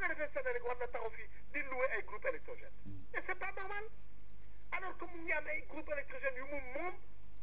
nga defee Sénégal war na taxaw loué un groupe électrogène Mais mm. ce n'est pas normal alors que nous avons un groupe électrogène yu mu moom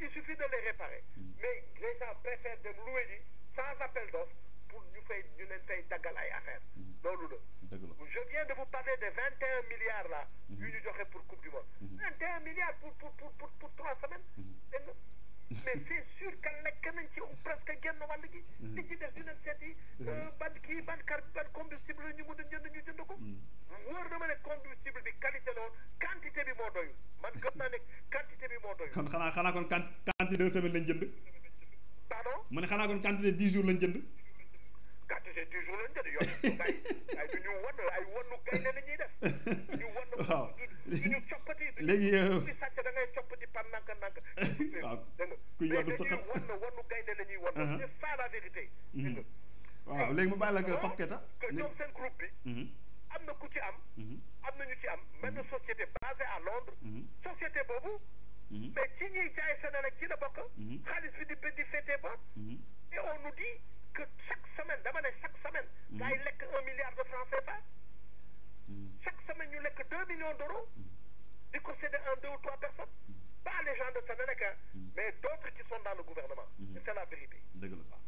il suffit de les réparer mm. mais les gens préfèrent de louer ji sans appel d'offres pour nous faire une leen fay à faire. affaire je viens de vous parler de 21 milliards là mm-hmm. yu nous joxe pour coupe du monde 21 mm-hmm. milliards pour pour pour pour trois semaines mm-hmm. mais c'est sûr que lekk nañ on presque génn wàll ban kii ban car ban combustible la ñu mën a jënd ñu jënd ko. Hmm. wóor na ma ne combustible bi qualité la woon quantité bi moo doyul man gëm naa ne quantité bi moo doyul. kon xanaa xanaa kon quantité deux semaines jënd. mu ne xanaa kon quantité dix jours lañ jënd. waaw léegi euh, ku ñu sàcc da ngay par nànk nànk. waaw ku ñu sa xar mais dañuy gaynde la ñuy wan. Uh-huh. c'est la vérité. Hmm. léegi mu bàyyi la nga Pape Keita. groupe bi. Mhm. am na ku ci am. Mhm. am na ñu ci am benn société basée à Londres. Mhm. société boobu. mais ci ñuy jaay Senelec ci la bokk. xaalis bi di di féetee ba. et on nous dit que chaque semaine dama ne chaque semaine. gars yi lekk un milliard de francs CFA. chaque semaine ñu lekk deux millions d'euros. di ko céder en deux ou trois personnes. pas les gens de Senelec mais d'autres qui sont dans le gouvernement. c'est la vérité. dëgg la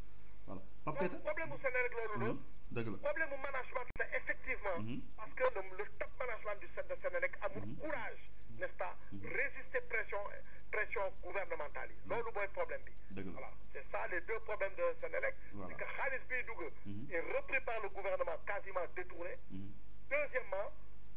voilà problème du Sénélec mhm. problème du management c'est effectivement. Mhm. parce que le top management du de a le courage. n'est-ce pas mhm. résister pression pression gouvernementale voilà c'est ça les deux problèmes de Sénélec c'est que xaalis Bidougue est repris par le gouvernement quasiment détourné. deuxièmement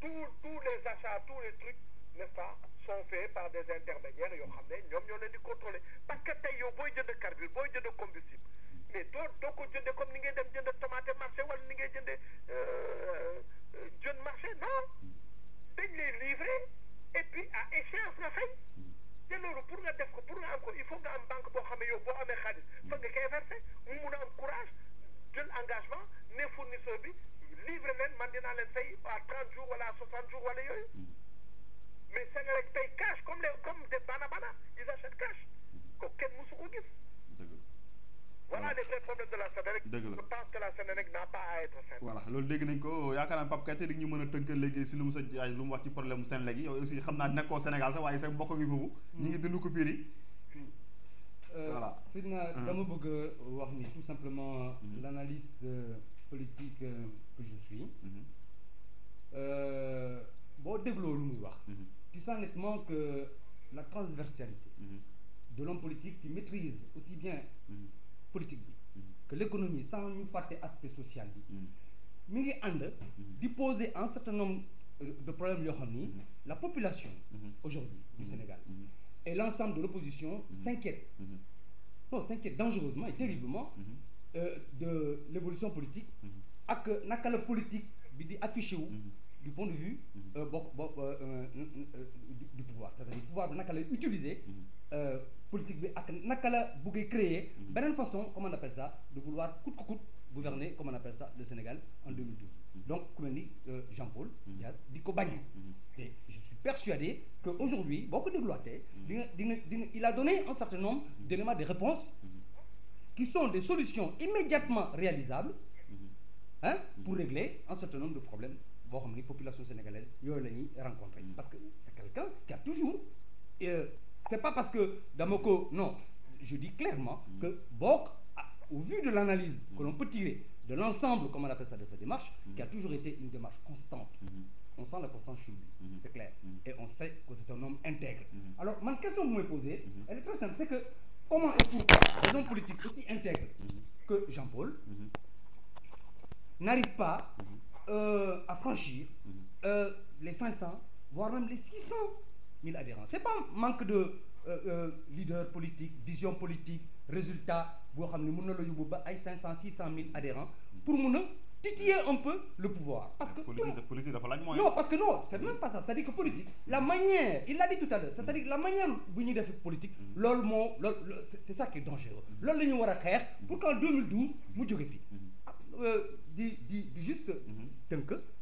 tous les achats tous les trucs n'est-ce pas sont faits par des intermédiaires ils ont ne contrôler parce que tu as besoin de carburant de combustible mais doo doo ko jënde comme ni ngay dem jënde tomate marché wala ni ngay jënde euh, euh, jën marché non dañ lay livrer et puis à échéance la fay te loolu pour nga def ko pour nga am ko il faut nga am banque boo xam ne yow boo amee xaalis fa nga koy versé mu mun a am courage jël engagement ne fournisseur bi livre leen man dinaa leen fay à 30 jours wala à 60 jours wala yooyu mais Sénégal paye cash comme les comme des bana bana ils achètent cash ko kenn mësu ko gis voilà les problèmes de la Sénégal, je pense que la Sénégal n'a pas à être Sénélec. voilà loolu dégg nañ ko yaakaar naa Pape Keita ñu mën a tënkal léegi si lu mu sa lu mu wax ci problème mu yi yow aussi xam naa nekkoo Sénégal sax waaye sa mbokk ngi foofu. ñu ngi dund ko piir yi. Euh, voilà hein. dama bëgg wax ni tout simplement. Mhm. l'analyste euh, politique euh, que je suis. Mhm. boo dégloo lu muy wax. Mhm. tu sens nettement que la transversalité. de l'homme politique qui maîtrise aussi bien politique mm-hmm. que l'économie sans ñu forte aspect social bi mm-hmm. mi ngi mm-hmm. poser un certain nombre de problèmes la population aujourd'hui du Sénégal et l'ensemble de l'opposition s'inquiète non s'inquiète dangereusement et terriblement euh, de l'évolution politique ak que la politique bi di affiché du point de vue euh, euh, du pouvoir c'est-à-dire pouvoir naka lay politique bi ak naka créer mhm. façon comme on appelle ça de vouloir coûte gouverner comme on appelle ça le Sénégal en 2012 mhm. donc comme dit euh, Jean-Paul mhm. di je suis persuadé que aujourd'hui de ko il a donné un certain nombre d'éléments de réponse qui sont des solutions immédiatement réalisables hein, pour régler un certain nombre de problèmes que la population sénégalaise a la parce que c'est quelqu'un qui a toujours euh, c'est pas parce que Damoko. Non, je dis clairement que Bok, au vu de l'analyse que l'on peut tirer de l'ensemble, comme on appelle ça, de sa démarche, mm-hmm. qui a toujours été une démarche constante, mm-hmm. on sent la constance chez lui, mm-hmm. c'est clair. Et on sait que c'est un homme intègre. Alors, ma question que vous me posez, elle est très simple c'est que comment et pourquoi des hommes politiques aussi intègres que Jean-Paul n'arrive pas euh, à franchir euh, les 500, voire même les 600 adhérents c'est pas manque de euh, euh, leader politique vision politique résultat vous savez, mën 500 600 000 adhérents pour nous titiller un peu le pouvoir. parce que non parce que non c'est même pas ça c'est-à-dire que politique la manière il l'a dit tout à l'heure c'est-à-dire la manière de faire def politique. c'est ça qui est dangereux. C'est ce pour qu'en 2012 nous devions di di juste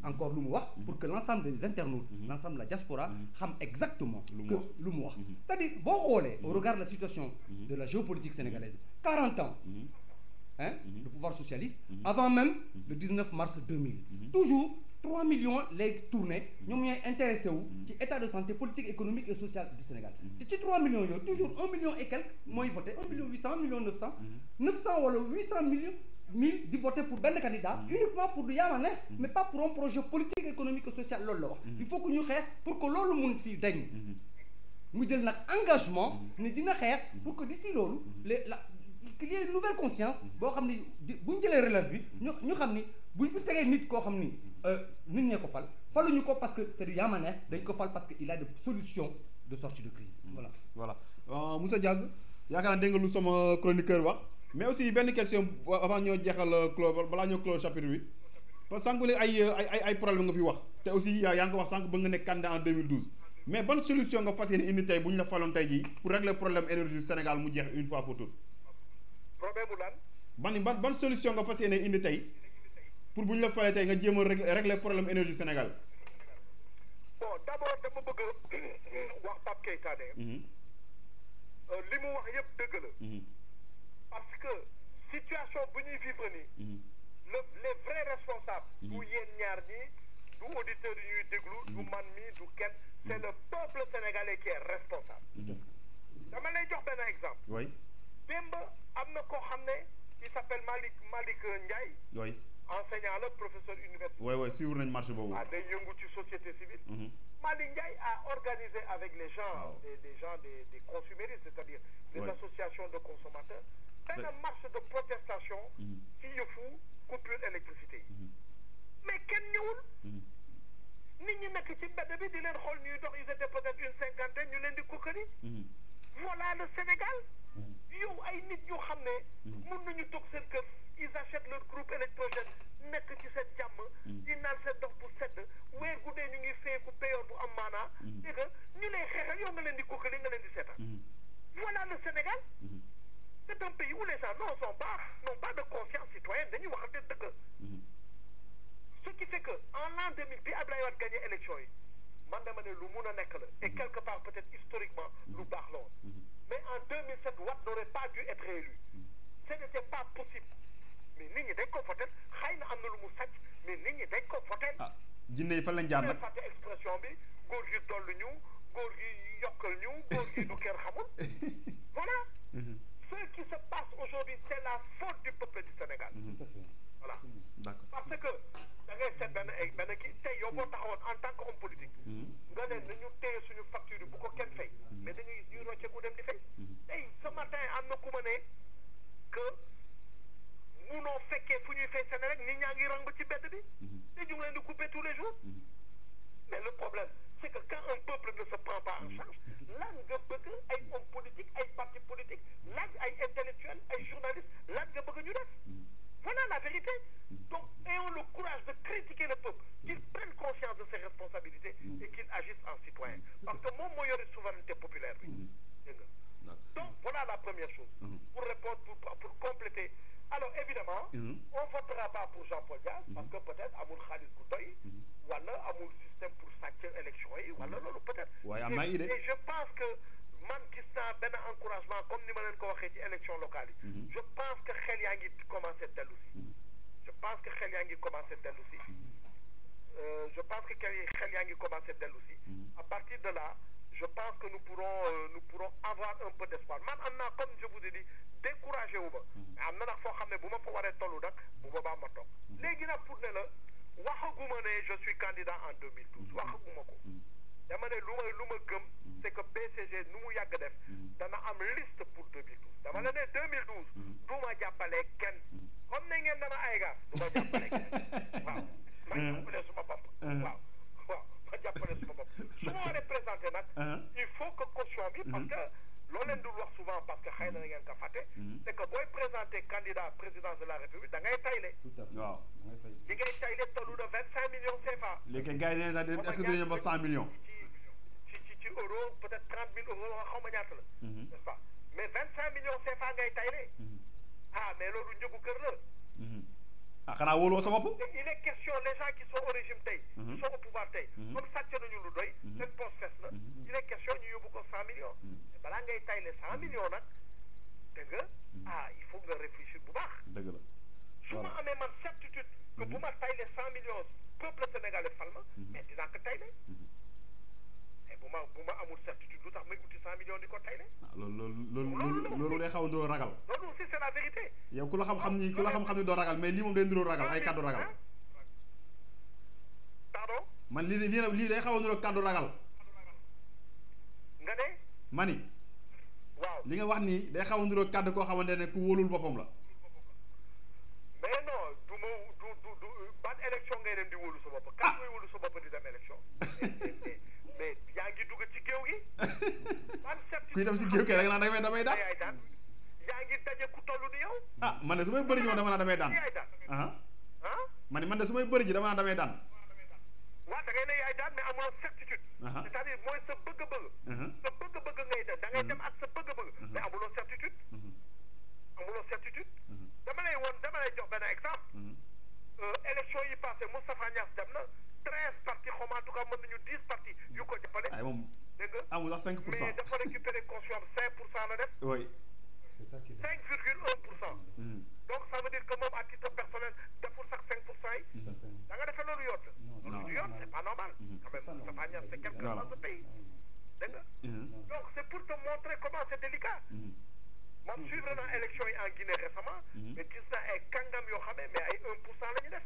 encore lu pour que l'ensemble des internautes mhm. l'ensemble de la diaspora mhm. xam exactement que lu mhm. c'est-à-dire bon on regarde la situation de la géopolitique sénégalaise 40 ans le hein, pouvoir socialiste avant même le 19 mars 2000 toujours 3 millions les tournées nous ñooy intéressé wu état de santé politique économique et sociale du Sénégal 3 millions toujours 1 million et quelques ils voté 1 million 800 1 million 900 900 wala 800 millions mille di voter pour un candidat mm. uniquement pour du yamane, mm. mais pas pour un projet politique économique et social mm. il faut que ñu fassions pour que loolu monde fii dañ Nous avons un engagement ne dina pour que d'ici là, il qu'il y ait une nouvelle conscience pour xam ni bu ñu jëlee relève bi ñu ñu xam ni nous ñu nit koo euh, parce que c'est du yamane dañ ko parce que il a des solutions de sortie de crise voilà voilà euh, Moussa Diaz il y a lu sama chroniqueur wax mais aussi benn question avant ñoo jeexal euh, clos balaa ñoo clos chapitre bi parce que sànq léegi euh, ay ay ay problème nga fi wax te aussi yaa ngi wax sànq ba nga nekk candidat en 2012 mais ban solution nga fas yéene indi tey bu ñu la faloon tey jii pour régler problème énergie Sénégal mu jeex une fois pour toutes. problème bu lan. ban ban ban solution nga fas yéene indi tey pour bu ñu la falee tey nga jéem a régler problème énergie Sénégal. bon d' abord dama bëgg wax Pape Keita ne. Mhm. Euh, li mu wax yëpp dëgg la. Mhm parce que situation bu vivre mhm. les vrais responsables ou mhm. Yen ñaar du auditeurs du ñuy mhm. du man du c'est le peuple sénégalais qui est responsable Je vais vous donner un exemple oui dembe amna ko s'appelle Malik Malik Ndiaye enseignant le professeur universitaire oui oui si vous marché ah yeungu ci société civile Malik Ndiaye a organisé avec les gens des gens des consuméristes c'est-à-dire des associations de consommateurs dans la marche de protestation il y a fou coupure électricité mm-hmm. mais kenn ñëwul mm-hmm. nit ñi nekk ci mbedd bi di leen xool ñuy dox ils étaient peut-être une cinquantaine ñu leen di kukkari mm-hmm. voilà le Sénégal yow ay nit ñu xamné ne mën nañu toog seen kër ils achètent leur groupe électrogène nekk ci cette jamm di naan seen dox bu sedd weer gu dee ñu ngi feeku payoor bu am maanaa et que ñu lay xéxal yow nga leen di kukkari nga leen di sétal voilà le Sénégal c'est un pays où les gens n'ont pas, de confiance citoyenne. Mhm. Ce qui fait qu'en l'an 2000, a gagné l'élection. Et mhm. quelque part, peut-être historiquement, nous mhm. parlons. Mais en 2007, Watt n'aurait pas dû être élu. Ce n'était pas possible. Mais nous sommes Mais nous sommes confortés. nous avons expression, voilà ce qui se passe aujourd'hui, c'est la faute du peuple du Sénégal. Mhm. vérité. Donc, ayons le courage de critiquer le peuple. encouragement comme nous ma dit ko ci élection locale mm-hmm. je pense que xel commence ngi aussi. tel mm-hmm. je pense que xel commence ngi aussi. tel aussi. je pense que xel commence ngi aussi. tel mm-hmm. à partir de là je pense que nous pourrons euh, nous pourrons avoir un peu d'espoir man comme je vous ai dit découragé wu Je amna na nag foo xam ne bu ma fa waree tollu nag bu pour la waxaguma je suis candidat en 2012 waxaguma dama né luma DCG nous mu yàgg def mm-hmm. dana am liste pour 2012 dama la 2012 mm-hmm. mm-hmm. du ma jàppale kenn comme ne ngeen dama ay gaaf du ma jàppale kenn waaw ma jàppale suma bopp waaw waaw ma jàppale suma bopp su ma représenté il faut que caution bi parce que l'on leen dul wax souvent parce que rien na ngeen ko c'est que vous présentez candidat président de la république da ngay tayle waaw li ngay tayle tollu de vingt 25 millions CFA Les gars gars, est-ce que dinañu ba 100 millions euros peut-être trente mille euros nga xaw ma ñaata la. Mhm. n'est-ce pas mais vingt cinq millions CFA ngay tay de. Mhm. ah mais loolu njëgu kër la. Mhm. ah xanaa wóoloo sa bopp. il est question les gens qui sont au régime tey. qui sont au pouvoir tey. comme sàcc nañu lu doy. seen la fees il est question ñu yo ko cent millions. te ngay tay le cent millions nag dégg nga ah il faut nga réfléchir bu baax. dëgg la su ma amee man certitude. que bu ma tay le cent millions peuple sénégalais fal ma. mais dinaa ko tay de. mais bu ma bu ma amul certitude lu tax may uti cent millions di ko tayle. ah loolu loolu loolu day xaw a doo ragal. yow ku la xam-xam ni ku la xam-xam ni doo ragal mais lii day niroo ragal ay kàddu ragal. man lii lii day xaw a niroo kàddu ragal. nga waaw li nga wax nii day xaw a niroo kàddu koo xamante ne ku wóolul boppam la. mais dem di sa bopp. kan ah! sa bopp kuy dem si géew kay rek damay daan. yaa ngi daje ku toll ni yow. ah man de su may bëri ji man dama naa damay daan. ah. man man de su may bëri ji dama naa damay daan. waaw da ngay ne yaay daan mais amuloo certitude. cest à mooy sa bëgg-bëgg. sa bëgg-bëgg ngay dem da ngay mhm. dem ak sa bëgg-bëgg. Mhm. mais amuloo certitude. Mhm. amuloo certitude. woon dama lay jox benn exemple. Euh, élection yi passé Moustapha Niass dem na treize partis xaw ma en tout mën nañu dix partis yu ko jàppale. Ah, nga. amul 5 pour cent mais dafa récupérer conscience, 5 pour cent def. oui. ça qui est 5,1 hmm. donc ça veut dire que moom à titre personnel deful sax 5 pour cent yi. da nga defee loolu yott. non non pas normal. Hmm. quand même chose dans ce pays. dégg hmm. donc c'est pour te montrer comment c'est délicat. man suivre naa élection yi en Guinée récemment. mais gis naa ay kàngam yoo xam mais ay 1 pour cent la ñu def.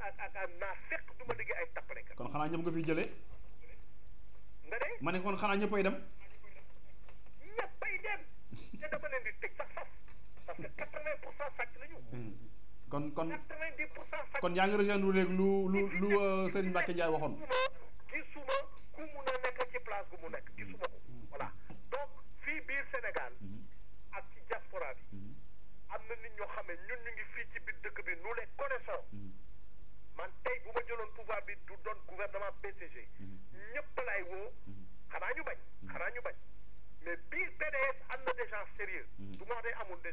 ak ak ak naa fekk du ma dégg kon xanaa ñëpp nga fiy jëlee. nga ne. ma kon xanaa ñëppay dem. ñëppay dem. te dama leen di teg sax hmm. kon kon kon rejoindre lu lu lu euh, Mbacke ku ci place gu mu hmm. ko. Hmm. voilà donc ak ci diaspora bi. nit ñoo ñun ñu ngi ci.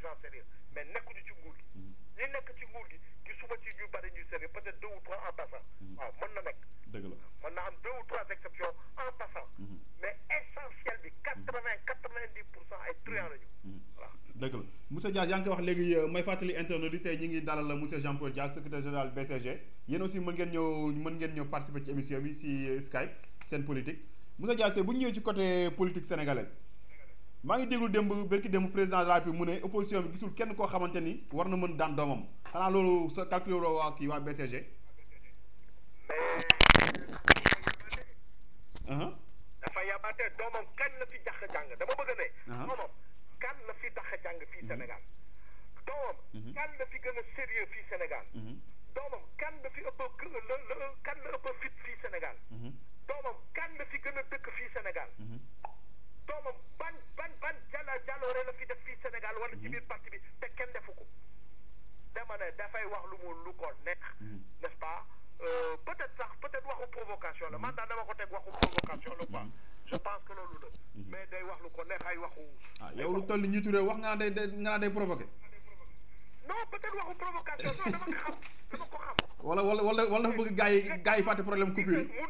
gens sérieux mais nekkuñu ci nguur Ni mm. ñi nekk ci nguur gi gisuma ci ñu bari ñu sérieux peut-être deux ou trois en passant. Mm. waaw mën na nekk. dëgg la mën na am deux ou trois exceptions en passant. Mm-hmm. mais essentiel de 80, 90% quatre vingt dix pour cent ay truands la ñu. Mm-hmm. la monsieur Dia yaa ngi koy wax léegi euh, may fàttali internautes yi ngi dalal monsieur Jean Paul Dia secrétaire général BCG yéen aussi mën ngeen ñëw mën ngeen ñëw participer ci émission bi euh, Skype scène politique monsieur Dia bu ñu ñëwee ci côté politique sénégalais maa ngi déglu démb bërki démb président de mu ne opposition bi gisul kenn ko xamante ni war na mën daan doomam xanaa loolu sa calcul loo waa kii waa BCG. Uh-huh. dafa yabaate doomam kan la fi jax jàng dama bëgg ne. Uh-huh. doomam kan la fi tax a jàng fii mm-hmm. Sénégal. doomam mm-hmm. kan la fi gën a fii Sénégal. Mm-hmm. doomam kan la fi ëpp fit fii Sénégal. doomam kan la fi gën a fii Sénégal. xaw ma ban ban ban jàlla jàlloore la fi def fii Sénégal wala ci biir parti bi te kenn defu ko dama ne dafay wax lu mu lu ko nekk hmm. n'est-ce pas euh, peut-être sax peut-être waxu provocation la man daal dama ko teg waxu provocation la quoi hmm. je pense que loolu la hmm. mais day wax lu ko nekk ay waxu ah, yow lu toll njiitu réew wax nga day day nga day provoqué non peut-être waxu provocation non dama ko xam dama ko xam wala wala wala wala dafa bëgg gars yi gars yi fàtte problème coupure yi mun